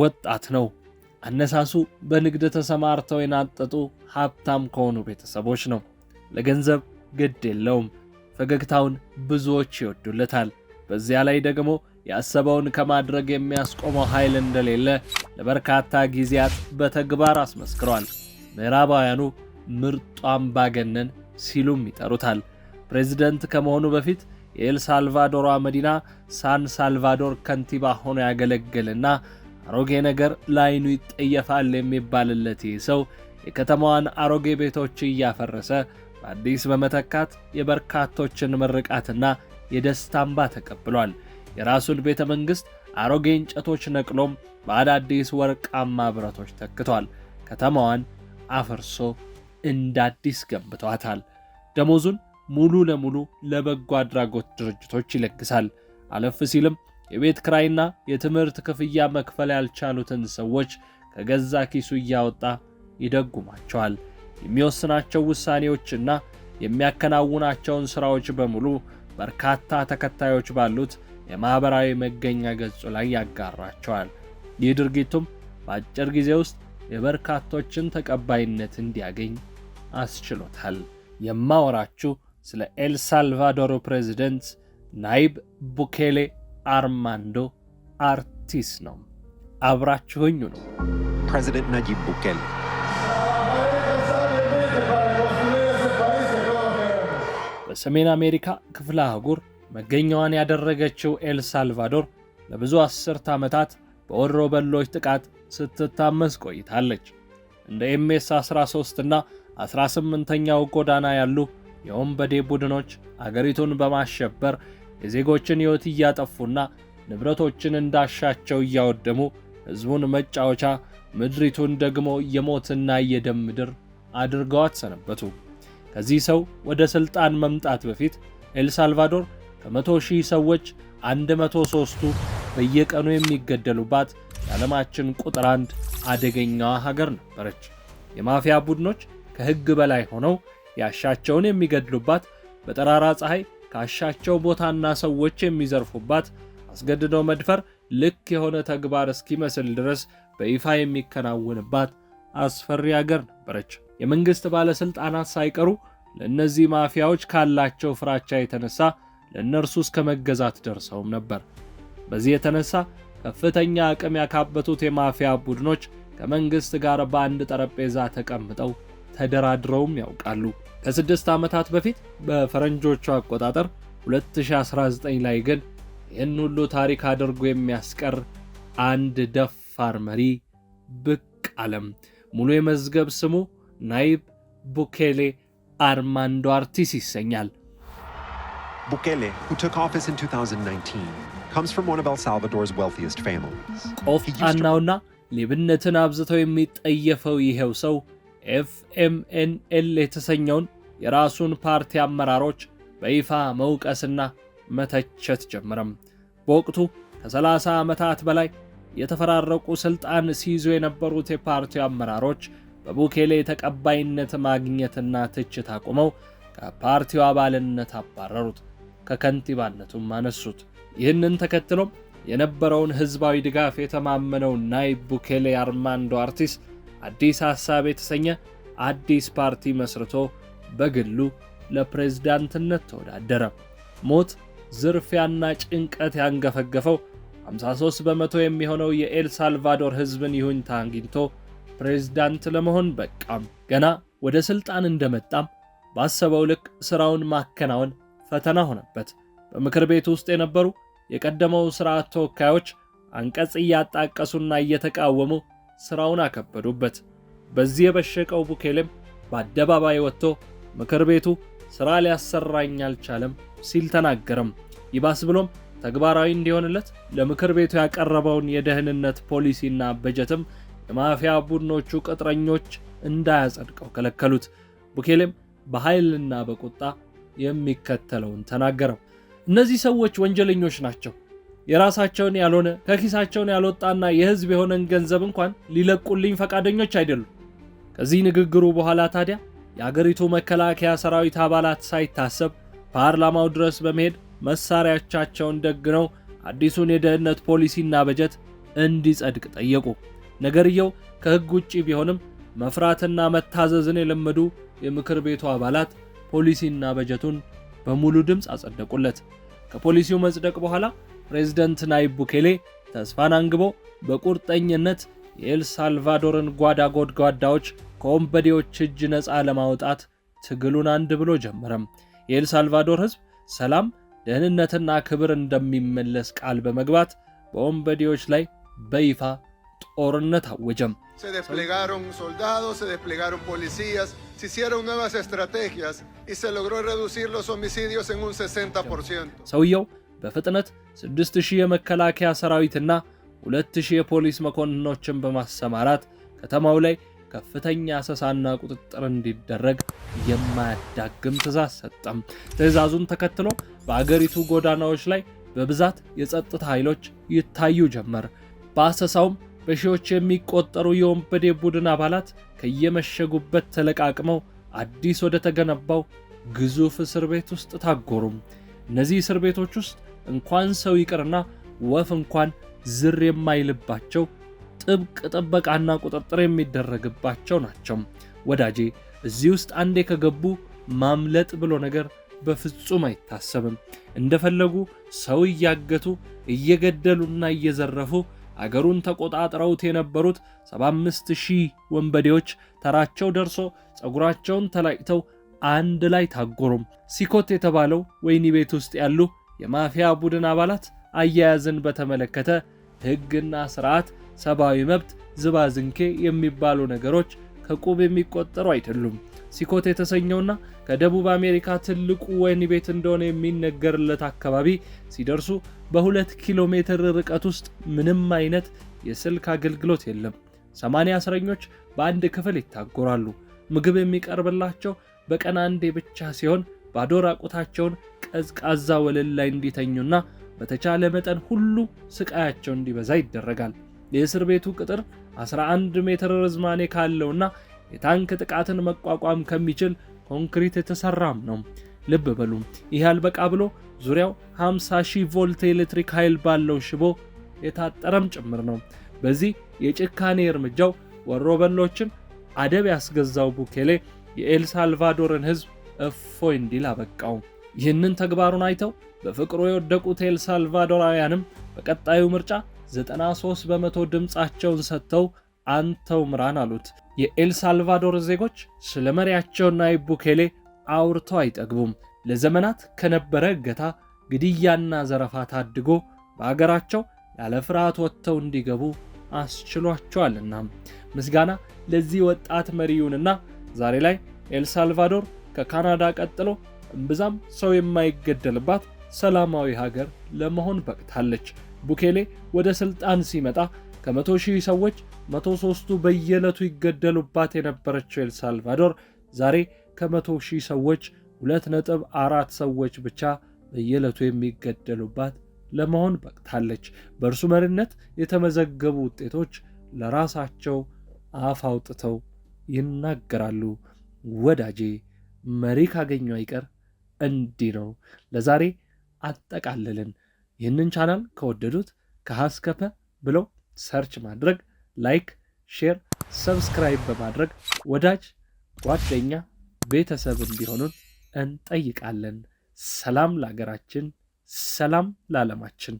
ወጣት ነው። አነሳሱ በንግድ ተሰማርተው የናጠጡ ሀብታም ከሆኑ ቤተሰቦች ነው። ለገንዘብ ግድ የለውም። ፈገግታውን ብዙዎች ይወዱለታል። በዚያ ላይ ደግሞ ያሰበውን ከማድረግ የሚያስቆመው ኃይል እንደሌለ ለበርካታ ጊዜያት በተግባር አስመስክሯል። ምዕራባውያኑ ምርጡ አምባገነን ሲሉም ይጠሩታል። ፕሬዚደንት ከመሆኑ በፊት የኤልሳልቫዶሯ መዲና ሳን ሳልቫዶር ከንቲባ ሆኖ ያገለገልና አሮጌ ነገር ላይኑ ይጠየፋል የሚባልለት ይህ ሰው የከተማዋን አሮጌ ቤቶች እያፈረሰ በአዲስ በመተካት የበርካቶችን ምርቃትና የደስታ እንባ ተቀብሏል። የራሱን ቤተ መንግሥት አሮጌ እንጨቶች ነቅሎም በአዳዲስ ወርቃማ ብረቶች ተክቷል። ከተማዋን አፍርሶ እንደ አዲስ ገንብቷታል። ደሞዙን ሙሉ ለሙሉ ለበጎ አድራጎት ድርጅቶች ይለግሳል። አለፍ ሲልም የቤት ክራይና የትምህርት ክፍያ መክፈል ያልቻሉትን ሰዎች ከገዛ ኪሱ እያወጣ ይደጉማቸዋል። የሚወስናቸው ውሳኔዎችና የሚያከናውናቸውን ሥራዎች በሙሉ በርካታ ተከታዮች ባሉት የማኅበራዊ መገኛ ገጹ ላይ ያጋራቸዋል። ይህ ድርጊቱም በአጭር ጊዜ ውስጥ የበርካቶችን ተቀባይነት እንዲያገኝ አስችሎታል። የማወራችሁ ስለ ኤልሳልቫዶሩ ፕሬዚደንት ናይብ ቡኬሌ አርማንዶ አርቲስ ነው። አብራችሁኝ ነው። ፕሬዚደንት ናጂብ ቡኬል በሰሜን አሜሪካ ክፍለ አህጉር መገኛዋን ያደረገችው ኤልሳልቫዶር ለብዙ አስርት ዓመታት በወሮ በሎች ጥቃት ስትታመስ ቆይታለች። እንደ ኤምኤስ 13 እና 18ኛው ጎዳና ያሉ የወንበዴ ቡድኖች አገሪቱን በማሸበር የዜጎችን ሕይወት እያጠፉና ንብረቶችን እንዳሻቸው እያወደሙ ሕዝቡን መጫወቻ፣ ምድሪቱን ደግሞ የሞትና የደም ምድር አድርገዋት ሰነበቱ። ከዚህ ሰው ወደ ሥልጣን መምጣት በፊት ኤልሳልቫዶር ከመቶ ሺህ ሰዎች አንድ ቱ በየቀኑ የሚገደሉባት የዓለማችን ቁጥር አንድ አደገኛዋ ሀገር ነበረች። የማፊያ ቡድኖች ከሕግ በላይ ሆነው ያሻቸውን የሚገድሉባት በጠራራ ፀሐይ ካሻቸው ቦታና ሰዎች የሚዘርፉባት አስገድዶ መድፈር ልክ የሆነ ተግባር እስኪመስል ድረስ በይፋ የሚከናወንባት አስፈሪ አገር ነበረች። የመንግስት ባለስልጣናት ሳይቀሩ ለእነዚህ ማፊያዎች ካላቸው ፍራቻ የተነሳ ለእነርሱ እስከ መገዛት ደርሰውም ነበር። በዚህ የተነሳ ከፍተኛ አቅም ያካበቱት የማፊያ ቡድኖች ከመንግስት ጋር በአንድ ጠረጴዛ ተቀምጠው ተደራድረውም ያውቃሉ። ከስድስት ዓመታት በፊት በፈረንጆቹ አቆጣጠር 2019 ላይ ግን ይህን ሁሉ ታሪክ አድርጎ የሚያስቀር አንድ ደፋር መሪ ብቅ አለም። ሙሉ የመዝገብ ስሙ ናይብ ቡኬሌ አርማንዶ አርቲስ ይሰኛል። ቡኬሌ ቆፍጣናውና ሌብነትን አብዝተው የሚጠየፈው ይሄው ሰው ኤፍኤምኤንኤል የተሰኘውን የራሱን ፓርቲ አመራሮች በይፋ መውቀስና መተቸት ጀመረም። በወቅቱ ከ30 ዓመታት በላይ የተፈራረቁ ስልጣን ሲይዙ የነበሩት የፓርቲው አመራሮች በቡኬሌ ተቀባይነት ማግኘትና ትችት አቁመው ከፓርቲው አባልነት አባረሩት፣ ከከንቲባነቱም አነሱት። ይህንን ተከትሎም የነበረውን ህዝባዊ ድጋፍ የተማመነው ናይ ቡኬሌ አርማንዶ አርቲስ አዲስ ሐሳብ የተሰኘ አዲስ ፓርቲ መስርቶ በግሉ ለፕሬዝዳንትነት ተወዳደረ። ሞት፣ ዝርፊያና ጭንቀት ያንገፈገፈው 53 በመቶ የሚሆነው የኤልሳልቫዶር ህዝብን ሕዝብን ይሁንታ አግኝቶ ፕሬዝዳንት ለመሆን በቃም። ገና ወደ ሥልጣን እንደመጣም ባሰበው ልክ ሥራውን ማከናወን ፈተና ሆነበት። በምክር ቤት ውስጥ የነበሩ የቀደመው ሥርዓት ተወካዮች አንቀጽ እያጣቀሱና እየተቃወሙ ሥራውን አከበዱበት። በዚህ የበሸቀው ቡኬሌም በአደባባይ ወጥቶ ምክር ቤቱ ሥራ ሊያሰራኝ አልቻለም ሲል ተናገረም። ይባስ ብሎም ተግባራዊ እንዲሆንለት ለምክር ቤቱ ያቀረበውን የደህንነት ፖሊሲና በጀትም የማፊያ ቡድኖቹ ቅጥረኞች እንዳያጸድቀው ከለከሉት። ቡኬሌም በኃይልና በቁጣ የሚከተለውን ተናገረም። እነዚህ ሰዎች ወንጀለኞች ናቸው የራሳቸውን ያልሆነ ከኪሳቸውን ያልወጣና የህዝብ የሆነን ገንዘብ እንኳን ሊለቁልኝ ፈቃደኞች አይደሉም። ከዚህ ንግግሩ በኋላ ታዲያ የአገሪቱ መከላከያ ሰራዊት አባላት ሳይታሰብ ፓርላማው ድረስ በመሄድ መሳሪያዎቻቸውን ደግነው አዲሱን የደህንነት ፖሊሲና በጀት እንዲጸድቅ ጠየቁ። ነገርየው ከህግ ውጪ ቢሆንም መፍራትና መታዘዝን የለመዱ የምክር ቤቱ አባላት ፖሊሲና በጀቱን በሙሉ ድምፅ አጸደቁለት። ከፖሊሲው መጽደቅ በኋላ ፕሬዝደንት ናይብ ቡኬሌ ተስፋን አንግቦ በቁርጠኝነት የኤልሳልቫዶርን ጓዳ ጎድጓዳዎች ከወንበዴዎች እጅ ነፃ ለማውጣት ትግሉን አንድ ብሎ ጀመረም። የኤልሳልቫዶር ሕዝብ ሰላም፣ ደህንነትና ክብር እንደሚመለስ ቃል በመግባት በወንበዴዎች ላይ በይፋ ጦርነት አወጀም። ሰውየው በፍጥነት 6000 የመከላከያ ሰራዊትና 2000 የፖሊስ መኮንኖችን በማሰማራት ከተማው ላይ ከፍተኛ አሰሳና ቁጥጥር እንዲደረግ የማያዳግም ትእዛዝ ሰጠም። ትእዛዙን ተከትሎ በአገሪቱ ጎዳናዎች ላይ በብዛት የጸጥታ ኃይሎች ይታዩ ጀመር። በአሰሳውም በሺዎች የሚቆጠሩ የወንበዴ ቡድን አባላት ከየመሸጉበት ተለቃቅመው አዲስ ወደ ተገነባው ግዙፍ እስር ቤት ውስጥ ታጎሩም። እነዚህ እስር ቤቶች ውስጥ እንኳን ሰው ይቅርና ወፍ እንኳን ዝር የማይልባቸው ጥብቅ ጥበቃና ቁጥጥር የሚደረግባቸው ናቸው። ወዳጄ እዚህ ውስጥ አንዴ ከገቡ ማምለጥ ብሎ ነገር በፍጹም አይታሰብም። እንደፈለጉ ሰው እያገቱ እየገደሉና እየዘረፉ አገሩን ተቆጣጥረውት የነበሩት 75 ሺህ ወንበዴዎች ተራቸው ደርሶ ፀጉራቸውን ተላጭተው አንድ ላይ ታጎሩም። ሲኮት የተባለው ወይኒ ቤት ውስጥ ያሉ የማፊያ ቡድን አባላት አያያዝን በተመለከተ ሕግና ስርዓት፣ ሰብአዊ መብት ዝባዝንኬ የሚባሉ ነገሮች ከቁብ የሚቆጠሩ አይደሉም። ሲኮት የተሰኘውና ከደቡብ አሜሪካ ትልቁ ወይኒ ቤት እንደሆነ የሚነገርለት አካባቢ ሲደርሱ በሁለት ኪሎ ሜትር ርቀት ውስጥ ምንም አይነት የስልክ አገልግሎት የለም። ሰማንያ እስረኞች በአንድ ክፍል ይታጎራሉ። ምግብ የሚቀርብላቸው በቀን አንዴ ብቻ ሲሆን ባዶ ራቁታቸውን ቀዝቃዛ ወለል ላይ እንዲተኙና በተቻለ መጠን ሁሉ ስቃያቸው እንዲበዛ ይደረጋል። የእስር ቤቱ ቅጥር 11 ሜትር ርዝማኔ ካለውና የታንክ ጥቃትን መቋቋም ከሚችል ኮንክሪት የተሰራም ነው። ልብ በሉ ይህ አልበቃ ብሎ ዙሪያው 50 ሺህ ቮልት ኤሌክትሪክ ኃይል ባለው ሽቦ የታጠረም ጭምር ነው። በዚህ የጭካኔ እርምጃው ወሮበሎችን አደብ ያስገዛው ቡኬሌ የኤልሳልቫዶርን ህዝብ እፎይ እንዲል አበቃው። ይህንን ተግባሩን አይተው በፍቅሩ የወደቁት ኤልሳልቫዶራውያንም በቀጣዩ ምርጫ 93 በመቶ ድምፃቸውን ሰጥተው አንተው ምራን አሉት። የኤልሳልቫዶር ዜጎች ስለ መሪያቸውና የቡኬሌ አውርተው አይጠግቡም። ለዘመናት ከነበረ እገታ፣ ግድያና ዘረፋ ታድጎ በአገራቸው ያለ ፍርሃት ወጥተው እንዲገቡ አስችሏቸዋልና ምስጋና ለዚህ ወጣት መሪውንና ዛሬ ላይ ኤልሳልቫዶር ከካናዳ ቀጥሎ እምብዛም ሰው የማይገደልባት ሰላማዊ ሀገር ለመሆን በቅታለች። ቡኬሌ ወደ ስልጣን ሲመጣ ከመቶ ሺህ ሰዎች መቶ ሶስቱ በየዕለቱ ይገደሉባት የነበረችው ኤልሳልቫዶር ዛሬ ከመቶ ሺህ ሰዎች ሁለት ነጥብ አራት ሰዎች ብቻ በየዕለቱ የሚገደሉባት ለመሆን በቅታለች። በእርሱ መሪነት የተመዘገቡ ውጤቶች ለራሳቸው አፍ አውጥተው ይናገራሉ። ወዳጄ መሪ ካገኙ አይቀር እንዲህ ነው። ለዛሬ አጠቃለልን። ይህንን ቻናል ከወደዱት ከሀስከፐ ብለው ሰርች ማድረግ፣ ላይክ፣ ሼር፣ ሰብስክራይብ በማድረግ ወዳጅ ጓደኛ ቤተሰብ እንዲሆኑን እንጠይቃለን። ሰላም ለሀገራችን፣ ሰላም ለዓለማችን።